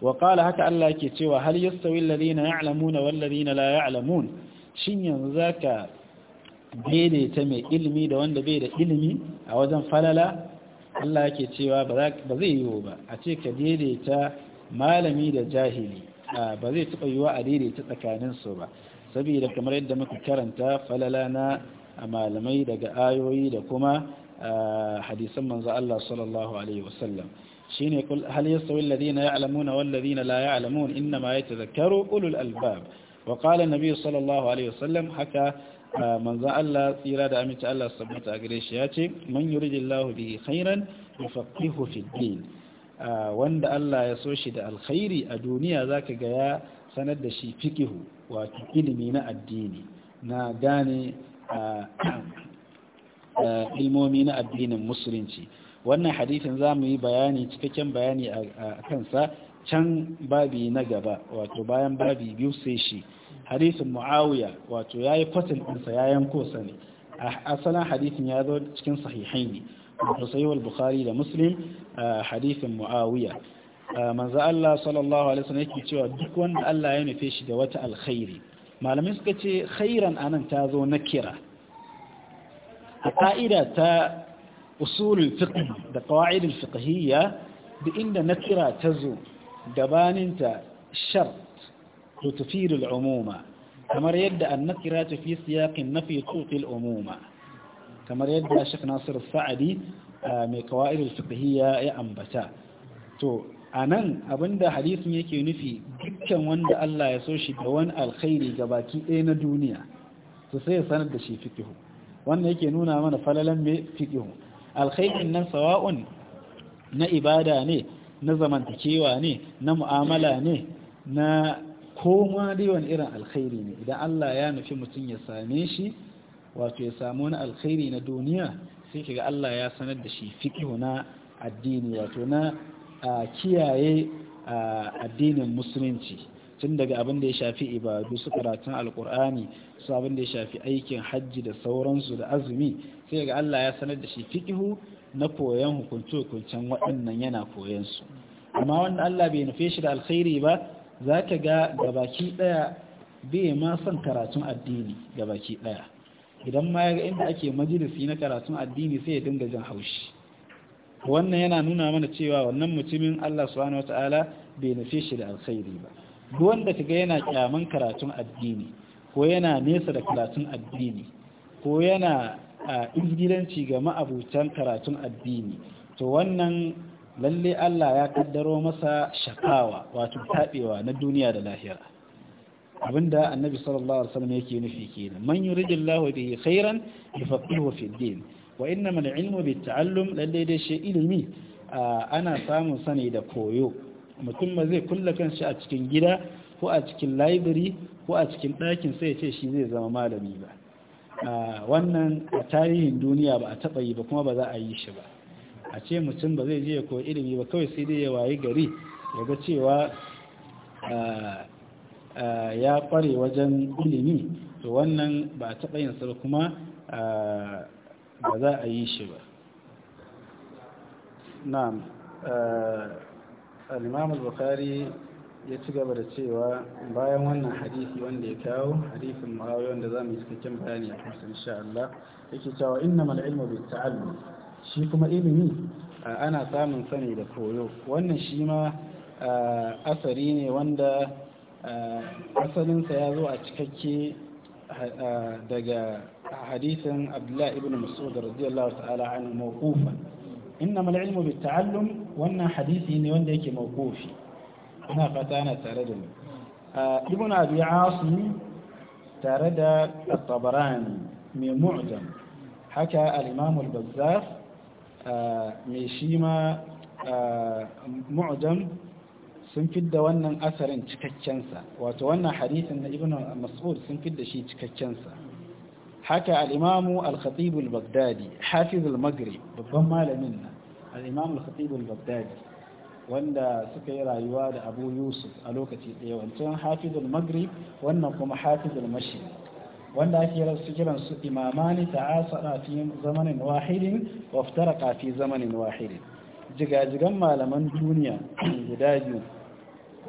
wa qala haka Allah yake cewa hal yastawi alladhina ya'lamuna wal ladina la ya'lamun shin yanzu zaka daidaita mai ilimi da wanda bai da ilimi a wajen falala Allah yake cewa ba zai yiwu ba a ce ka daidaita malami da jahili ba zai taɓa yiwa a tsakanin tsakaninsu ba saboda kamar yadda muka karanta falala na malamai daga ayoyi da kuma hadisan manzo Allah sallallahu alaihi wasallam shine kul hal yastawi alladhina ya'lamuna wal ladhina la ya'lamun inma yatadhakkaru ulul albab wa qala an-nabi sallallahu alaihi wasallam haka manzo Allah tsira da aminci Allah subhanahu wa ta'ala gare shi yace man yuridillahu bihi khairan yufaqihu fid din Ah, wanda Allah ya so shi da alkhairi a duniya zaka ga ya sanar da shi fikihu wato ilimi na addini na gane ah, ah, ilmomi na addinin musulunci wannan hadithin za mu yi bayani cikakken bayani a kansa can babi na gaba wato bayan babi biyu sai shi hadithin mu'awiya wato ya yi kwatin ɗinsa ya yanko sa asalin hadithin ya zo cikin sahihai ne wato sayuwar bukhari da muslim hadisin muawiya manzo Allah sallallahu alaihi wasallam yake cewa duk wanda Allah ya nufe shi da wata alkhairi malamai suka ce khairan anan ta zo na kira a ka'ida ta usulul fiqh da qawaidul fiqhiyya da inda nakira ta zo gabaninta shart to tufidul umuma kamar yadda annakira ta fi siyaqin nafi tuqil umuma kamar yadda Sheikh Nasir Sa'adi mai ta fiqhiyya ya ambata to a nan, abin da hadisin yake nufi dukkan wanda Allah ya so shi da wani alkhairi ga baki ɗaya na duniya to sai ya sanar da shi fiqhu wannan yake nuna mana falalan me fiqhu alkhairin nan sawa'un na ibada ne na zamantakewa ne na mu'amala ne na koma dai wani irin alkhairi ne idan Allah ya nufi mutum ya same shi wato ya samu wani alkhairi na duniya sai kiga Allah ya sanar da shi fiƙihu na addini wato na kiyaye addinin musulunci tun daga abin da ya shafi ibadu su karatun alkur'ani su abin da ya shafi aikin hajji da sauransu da azumi sai ga Allah ya sanar da shi fikihu na koyon hukunce-hukuncen waɗannan yana koyon su amma wanda Allah bai nufe shi da alkhairi ba za ka ga gabaki ɗaya bai ma son karatun addini gabaki ɗaya idan ma ya ga inda ake majalisi na karatun addini sai ya dinga jin haushi wannan yana nuna mana cewa wannan mutumin Allah subhanahu wata'ala bai nufe shi da alkhairi ba duk wanda kaga yana kyaman karatun addini ko yana nesa da karatun addini ko yana a izgilanci ga ma'abutan karatun addini to wannan lalle Allah ya kaddaro masa shakawa wato tabewa na duniya da lahira abinda annabi sallallahu alaihi wasallam yake nufi kenan man yuridillahu bihi khairan yufaqihu fi din wa innamal ilmu bitta'allum lalle dai shi ilimi ah, ana samun sani da koyo mutum ma zai kulla shi a cikin gida ko a cikin library ko a cikin ɗakin sai ya ce shi zai zama malami ba ah, wannan a tarihin duniya ba a taɓa yi ba kuma ba za a yi shi ba a ce mutum ba zai je ya koyi ilimi ba kawai sai dai ya wayi gari ya ga cewa ah, Eh, ya kware wajen ilimi to wannan ba a taɓa yin sa kuma eh, ba za a yi shi ba na'am eh, al bukari bukhari ya ci gaba da cewa bayan wannan hadisi wanda ya kawo hadisin muawiya wanda za mu yi cikakken bayani a kansa insha Allah yake cewa mana ilmu bai ta'allu shi kuma ilimi ana samun sani da koyo wannan shi ma asari ne wanda Eh, asalinsa ya zo a cikakke eh, daga hadisin abdullahi ibn mas'ud radiyallahu ta'ala an mawqufan innamal ilmu bitta'allum wannan hadisi ne wanda yake mawqufi ina fata ana tare da mu eh, ibn abi asim tare da at-tabarani mai mu'jam haka al-imam al-bazzar mai shima mu'jam sun fidda wannan asarin cikakkensa wato wannan hadisin na ibn mas'ud sun fidda shi cikakkensa haka al-imamu al-khatib al-baghdadi hafiz al-maghrib babban malamin nan al-imamu al-khatib al-baghdadi wanda suka yi rayuwa da abu yusuf a lokaci ɗaya wancan hafiz al-maghrib wannan kuma hafiz al-mashi wanda ake rasu kiran su imamani ta'asara fi zamanin wahidin wa iftaraqa fi zamanin wahidin jigajigan malaman duniya guda biyu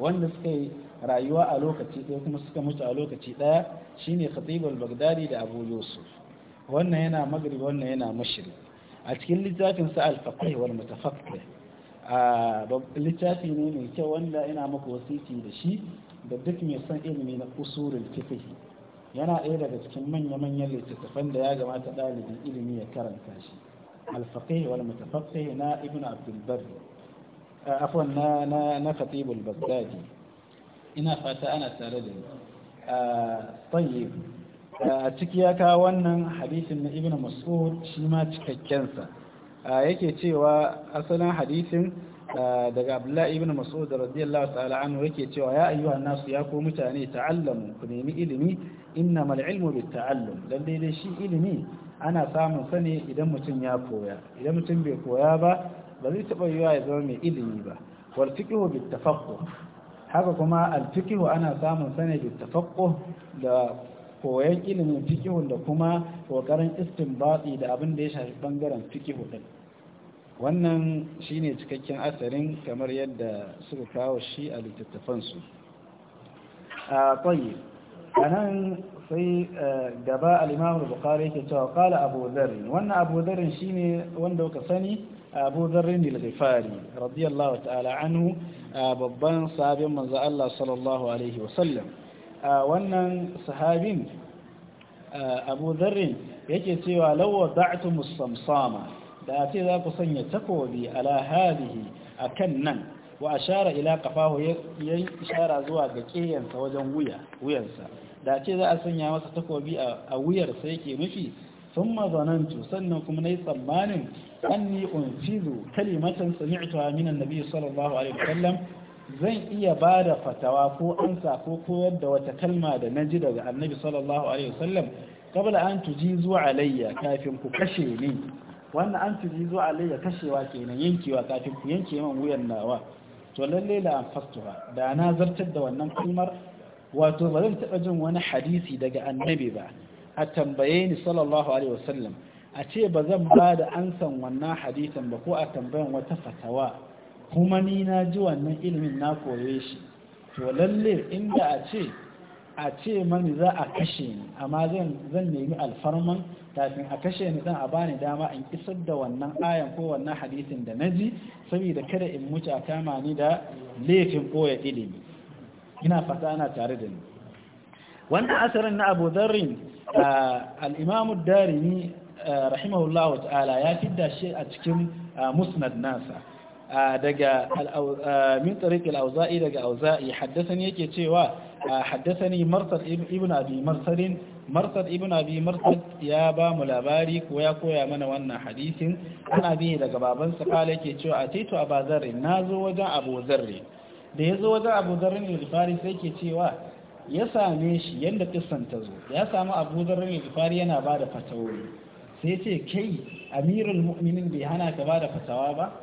wanda suka yi rayuwa a lokaci ɗaya kuma suka mutu a lokaci ɗaya shine khatibul bagdadi da abu yusuf wannan yana magrib wannan yana mashrik a cikin littafin sa al-faqih wal a littafi ne mai kyau wanda ina maka wasiki da shi da duk mai son ilimi na usulul fiqh yana ɗaya daga cikin manya-manyan littattafan da ya gamata ɗalibin ilimi ya karanta shi al-faqih wal na ibnu abdul barri afwan na na na katibul bagdadi ina fata ana tare da ni tayyib a ciki ya kawo wannan hadisin na ibnu mas'ud shi ma cikakken sa yake cewa asalin hadisin daga abdullah ibn mas'ud radiyallahu ta'ala anhu yake cewa ya ayyuhan nasu ya ko mutane ta'allamu ku nemi ilimi innamal ilmu bit dan dai shi ilimi ana samun sa ne idan mutum ya koya idan mutum bai koya ba ba zai taɓa yiwa ya zama mai ilimi ba wal fiqhu bit tafaqquh haka kuma al fiqhu ana samun sane bit tafaqquh da koyon ilimin fiqhu da kuma kokarin istinbati da abin da ya shafi bangaren fiqhu din wannan shine cikakken asarin kamar yadda suka kawo shi a littattafansu a a nan sai eh, gaba al'imamu bukari yake cewa kala abu zarin wannan abu zarin shine wanda kuka sani abu zarrin al radiyallahu ta'ala anhu babban sahabin manzo Allah sallallahu alaihi wasallam wannan sahabin abu zarrin yake cewa law wada'tum musamsama samsama da ce za ku sanya takobi ala hadihi akan nan wa ashara ila qafahu yayin ishara zuwa ga kiyansa wajen wuya wuyansa da ce za a sanya masa takobi a wuyarsa yake nufi sun mazanantu sannan kuma na yi tsammanin anni unfidu kalimatan sami'tuha min annabi sallallahu alaihi wasallam zan iya ba da fatawa ko ansa ko koyar da wata kalma da na ji daga annabi sallallahu alaihi wasallam kabla an tuji zuwa alayya kafin ku kashe ni wannan an tuji zuwa alayya kashewa kenan yankewa kafin ku yanke man wuyan nawa to lalle la an fastura da na zartar da wannan kalmar wato ba zan taɓa jin wani hadisi daga annabi ba a tambaye ni sallallahu alaihi wasallam a ce ba zan ba da ansan wannan hadisan ba ko a tambayan wata fatawa kuma ni na ji wannan ilimin na koye shi to lalle inda a ce a ce mani za a kashe ni amma zan nemi alfarman kafin a kashe ni zan a bani dama in kisar da wannan ayan ko wannan hadisin da na ji saboda kada in mutu a kama ni da laifin koya ilimi ina fata ana tare da ni wannan asarin na abu Al-Imamud al-Imam ad darimi Eh, rahimahullah wa ta'ala ya fidda shi a cikin eh, musnad nasa eh, daga min tariq al-auza'i daga auza'i haddathani yake cewa haddathani marsad ibn abi marsadin marsad ibn abi marsad ya ba mu labari ko ya koya mana wannan hadisin ana bi daga baban sa kala yake cewa ataitu abazar nazo wajen abu da yazo wajen abu zarri fari sai yake cewa ya same shi yanda kissan ta zo ya samu abu zarri fari yana ba da fatawoyi sai ce kai amirul mu'minin bai hana ka ba da fatawa ba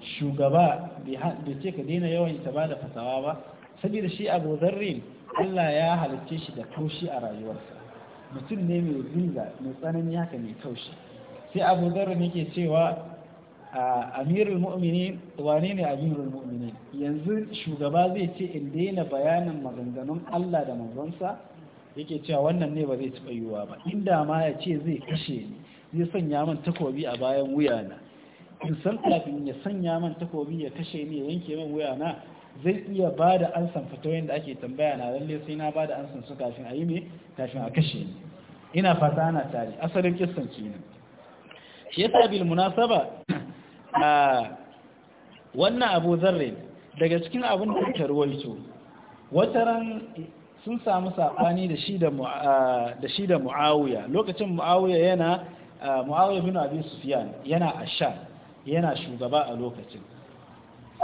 shugaba bai ce ka daina yawan ta ba da fatawa ba saboda shi abu zarrin Allah ya halicce shi da taushi a rayuwarsa mutum ne mai zinga mai tsanani haka mai taushi sai abu zarrin yake cewa amirul mu'minin wane ne amirul mu'minin yanzu shugaba zai ce in daina bayanin maganganun Allah da manzonsa yake cewa wannan ne ba zai taɓa yiwuwa ba inda ma ya ce zai kashe ni zai sanya man takobi a bayan wuyana in san kafin ya sanya man takobi ya kashe ni ya yanke man wuyana zai iya ba da ansan fito da ake tambaya na lalle sai na ba da ansan su kafin a yi me kafin a kashe ni ina fata ana tare asalin kissan kenan shi ya yasa bil munasaba a wannan Abu zarre daga cikin abin da ta ruwaito ran sun samu sabani da shi da da shi da Muawiya lokacin Muawiya yana muawiya bin abi sufyan yana sha yana shugaba a lokacin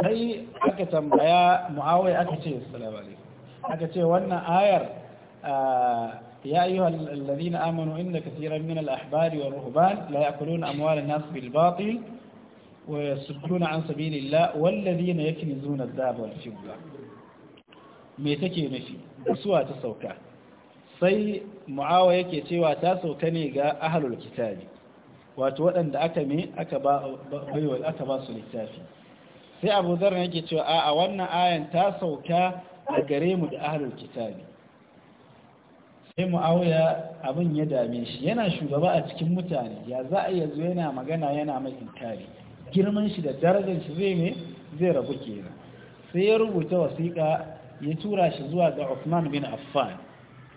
sai aka tambaya muawiya aka ce assalamu alaikum aka ce wannan ayar يا أيها الذين آمنوا إن كثيرا من الأحبار والرهبان لا يأكلون أموال الناس بالباطل ويصدون عن سبيل الله والذين يكنزون الذهب والفضة me take nufi da suwa ta sauka sai mu'awa yake cewa ta sauka ne ga ahalul kitabi wato waɗanda aka aka ba su littafi sai abu zarra yake cewa a wannan ayan ta sauka a gare mu da ahalul kitabi sai mu'awiya abin ya dame shi yana shugaba a cikin mutane ya za a yanzu yana magana yana mai inkari girman shi da darajar shi zai ne zai rabu kenan sai ya rubuta wasiƙa ya tura shi zuwa ga Uthman bin Affan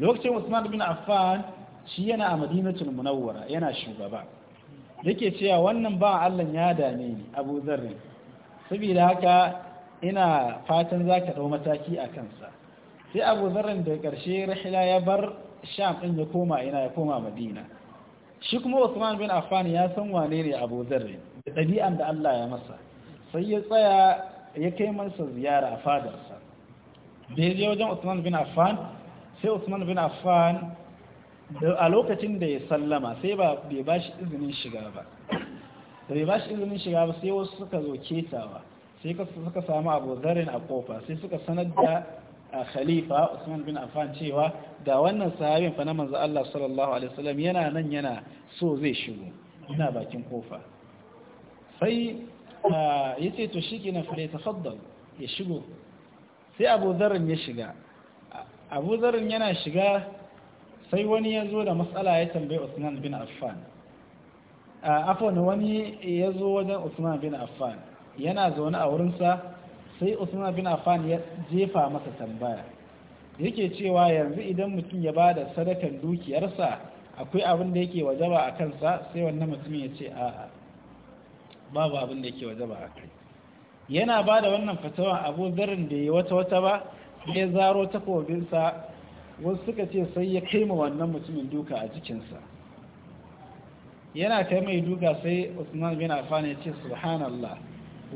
lokacin Usman bin Affan shi yana a Madinatul Munawwara yana shugaba yake cewa wannan ba Allah ya dame ni Abu Dharr saboda haka ina fatan za ka dau mataki a kansa sai Abu Dharr da karshe rahila ya bar Sham din ya koma ina ya koma Madina shi kuma Usman bin Affan ya san wane ne Abu da ɗabi'an da Allah ya masa sai ya tsaya ya kai masa ziyara a fadarsa da ya je wajen Usman bin Affan sai Usman bin Affan a lokacin da ya sallama sai ba bai ba shi izinin shiga ba da bai ba shi izinin shiga ba sai wasu suka zo ketawa sai suka samu Abu Zarin a kofa sai suka sanar da khalifa Usman bin Affan cewa da wannan sahabin fa na manzo Allah sallallahu alaihi wasallam yana nan yana so zai shigo ina bakin kofa sai yace to shikenan fa ya tafaddal ya shigo sai Abu Zarin ya shiga abu zarin yana shiga sai wani ya zo da matsala ya tambayi usman bin affan afonu wani ya zo wajen usman bin affan yana zaune a wurinsa sai usman bin affan ya jefa masa tambaya yake cewa yanzu idan mutum ya ba da sadakan dukiyarsa akwai abin da yake wajaba a kansa sai wannan mutumin ya ce a'a babu abin da yake wajaba a kai yana ba da wannan fatawa abu zarin da ya wata wata ba ya zaro takobinsa wasu suka ce sai ya kai ma wannan mutumin duka a jikinsa yana kai mai duka sai usman bin affan ya ce subhanallah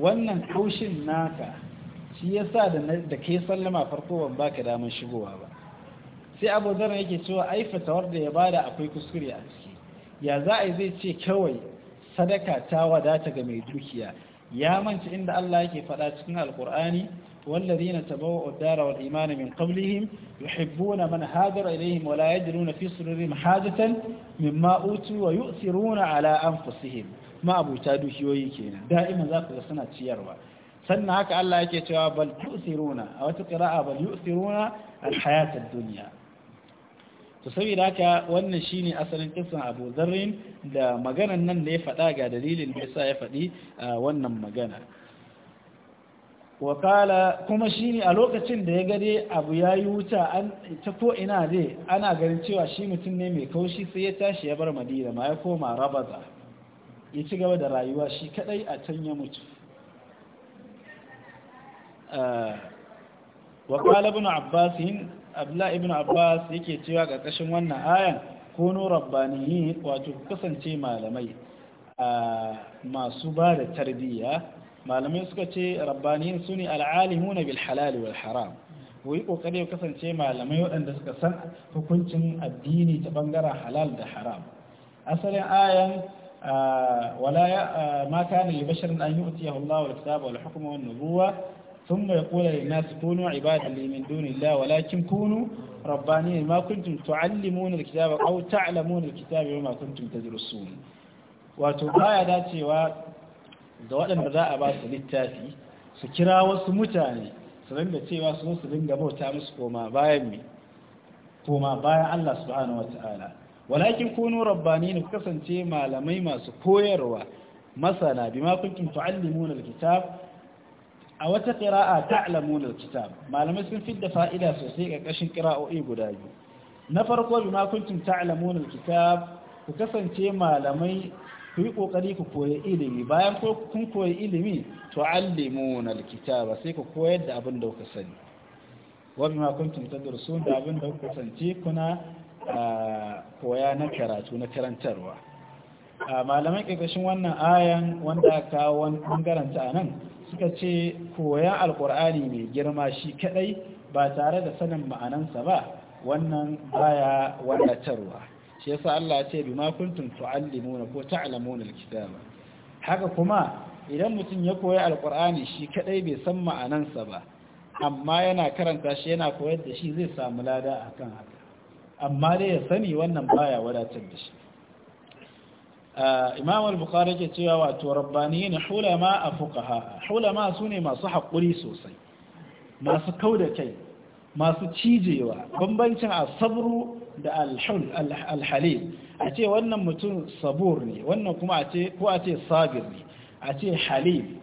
wannan kaushin naka shi yasa da da kai sallama farko ban baka damar shigowa ba sai abu zarra yake cewa ai fatawar da ya bada akwai kuskure a ciki ya za a zai ce kawai sadaka ta wadata ga mai dukiya ya manci inda Allah yake faɗa cikin alkur'ani والذين تبوأوا الدار والإيمان من قبلهم يحبون من هاجر إليهم ولا يجدون في صدورهم حاجة مما أوتوا ويؤثرون على أنفسهم ما أبو تادو شويكينا دائما ذاك السنة تشيروا سنة هكا الله يكتوا بل تؤثرون أو تقراء بل يؤثرون الحياة الدنيا تسوي لك wannan shine asalin kisan Abu Dharr da maganan nan da ya fada ga dalilin da yasa ya fadi wannan magana wakala kuma shi ne a lokacin da ya gade abu ya yi wuta an ta ko ina dai ana ganin cewa shi mutum ne mai kaushi sai ya tashi ya bar madina ma ya koma rabaza ya ci gaba da rayuwa shi kadai a can ya mutu eh, wakala ibn abbas yin abla ibn abbas yake cewa ƙarƙashin wannan ayan kono rabbaniyin wato kasance malamai eh, masu ba da tarbiyya malamai suka ce rabbanin su ne al'alimuna bil halali wal haram wai kokari ya kasance malamai waɗanda suka san hukuncin addini ta bangaren halal da haram asalin ayan wala ma kana li basharin an yu'tiya Allah wal kitaba wal hukma wan nubuwa thumma yaqulu lin nas kunu ibada li min duni Allah walakin kunu rabbaniyin ma kuntum tu'allimuna al kitaba aw ta'lamuna al kitaba ma kuntum tadrusun wato baya dacewa ga waɗanda za a ba su littafi su kira wasu mutane su dinga cewa su su dinga bauta musu koma bayan mi koma bayan Allah subhanahu wata'ala walakin kunu rabbani ne kasance malamai masu koyarwa masana bima kuntum tu'allimuna alkitab a wata qira'a ta'lamuna alkitab malamai sun fidda fa'ida sosai ga kashin qira'o'i guda biyu na farko bima kuntum ta'lamuna alkitab ku kasance malamai ku yi kokari ku koyi ilimi bayan kun koyi ilimi to allimuna alkitaba sai ku koyar da abin da kuka sani wa bima kuntum tadrusun da abin da kuka sanci kuna koya na karatu na karantarwa malaman kikashin wannan ayan wanda aka wani bangaren ta nan suka ce koyan alkur'ani mai girma shi kaɗai, ba tare da sanin ma'anansa ba wannan baya wadatarwa shi yasa Allah ya ce bima kuntum tu'allimuna ko ta'lamuna kitaba. haka kuma idan mutum ya koyi alqur'ani shi kadai bai san ma'anansa ba amma yana karanta shi yana koyar da shi zai samu lada akan haka amma dai ya sani wannan baya wadatar da shi imam al-bukhari ke cewa wato rabbaniyin hulama a hulama sune masu haƙuri sosai masu kauda kai masu cijewa bambancin asabru da alhul alhalim a ce wannan mutum sabur ne wannan kuma a ce ko a ce sabir ne a ce halim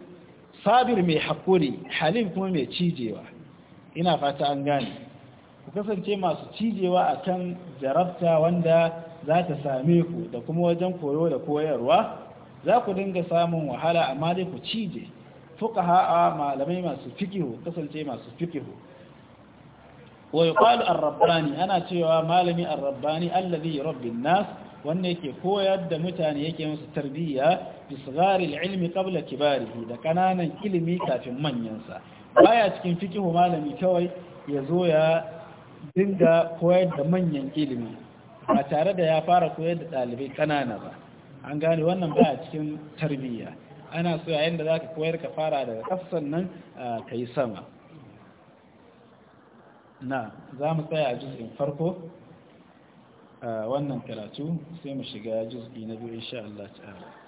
sabir mai haƙuri halim kuma mai cijewa ina fata an gane ku kasance masu cijewa a kan jarabta wanda za ta same ku da kuma wajen koyo da koyarwa za ku dinga samun wahala amma dai ku cije fuka ha'a malamai masu fikihu kasance masu fikihu wa yuqalu ar-rabbani ana cewa malamin ar-rabbani alladhi yurabbi nas wanda yake koyar da mutane yake musu tarbiyya bi sigaril ilmi qabla kibarihi da kananan ilimi kafin manyansa baya cikin fikihu malami kawai ya zo ya dinga koyar da manyan ilimi ba tare da ya fara koyar da ɗalibai kanana ba an gane wannan baya cikin tarbiyya ana so yayin da zaka koyar ka fara daga kafsan nan ka yi sama na za mu tsaya a juz'in farko wannan karatu sai mu shiga juz'i na biyu insha Allah ta'ala